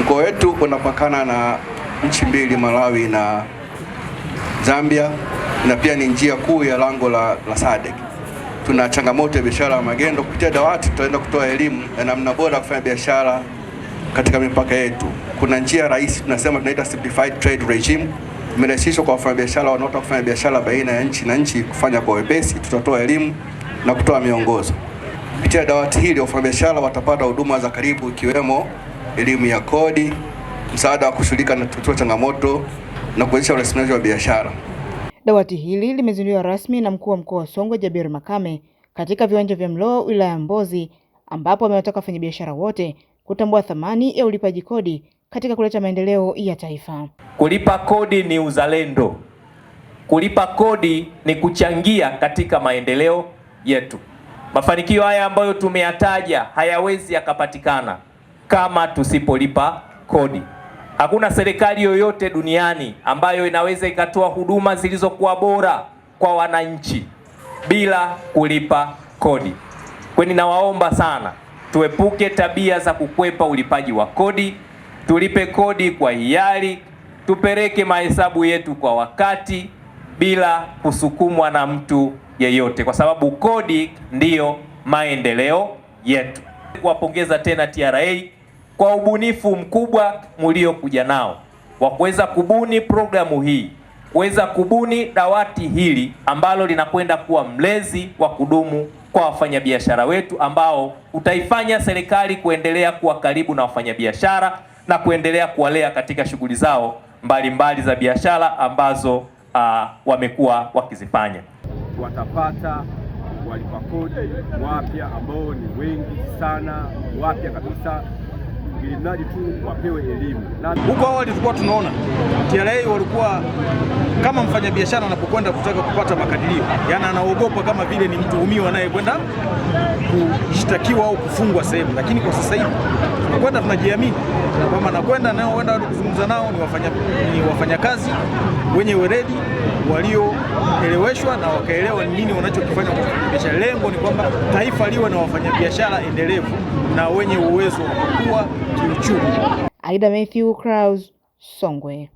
Mkoa wetu unapakana na nchi mbili, Malawi na Zambia, na pia ni njia kuu ya lango la, la SADC. Tuna changamoto ya biashara ya magendo. Kupitia dawati tutaenda kutoa elimu ya namna bora kufanya biashara katika mipaka yetu. Kuna njia rahisi tunasema tunaita simplified trade regime, imerahisishwa kwa wafanyabiashara wanaotaka kufanya biashara baina ya nchi na nchi kufanya kwa wepesi. Tutatoa elimu na kutoa miongozo. Kupitia dawati hili wafanyabiashara watapata huduma za karibu ikiwemo elimu ya kodi, msaada wa kushughulika na kutatua changamoto na kuwezesha urasimiaji wa biashara. Dawati hili limezinduliwa rasmi na mkuu wa mkoa wa Songwe Jabir Makame katika viwanja vya Mlowo wilaya ya Mbozi, ambapo amewataka wafanyabiashara wote kutambua thamani ya ulipaji kodi katika kuleta maendeleo ya taifa. Kulipa kodi ni uzalendo, kulipa kodi ni kuchangia katika maendeleo yetu. Mafanikio haya ambayo tumeyataja hayawezi yakapatikana kama tusipolipa kodi. Hakuna serikali yoyote duniani ambayo inaweza ikatoa huduma zilizokuwa bora kwa wananchi bila kulipa kodi. Kwani nawaomba sana tuepuke tabia za kukwepa ulipaji wa kodi, tulipe kodi kwa hiari, tupeleke mahesabu yetu kwa wakati bila kusukumwa na mtu yeyote, kwa sababu kodi ndiyo maendeleo yetu. Kuwapongeza tena TRA kwa ubunifu mkubwa mliokuja nao wa kuweza kubuni programu hii, kuweza kubuni dawati hili ambalo linakwenda kuwa mlezi wa kudumu kwa wafanyabiashara wetu, ambao utaifanya serikali kuendelea kuwa karibu na wafanyabiashara na kuendelea kuwalea katika shughuli zao mbalimbali mbali za biashara ambazo uh, wamekuwa wakizifanya. Watapata walipa kodi wapya ambao ni wengi sana, wapya kabisa ili mradi tu wapewe elimu. Huko awali tulikuwa tunaona TRA walikuwa kama mfanyabiashara anapokwenda kutaka kupata makadirio, yaani anaogopa kama vile ni mtuhumiwa anayekwenda kushtakiwa au kufungwa sehemu, lakini kwa sasa hivi tunakwenda tunajiamini kwamba nakwenda naoenda kuzungumza nao ni wafanyakazi wafanya wenye weledi walioeleweshwa na wakaelewa nini wanachokifanya lengo ni kwamba taifa liwe na wafanyabiashara endelevu na wenye uwezo wa kukua kiuchumi. Aida Matthew Kraus, Songwe.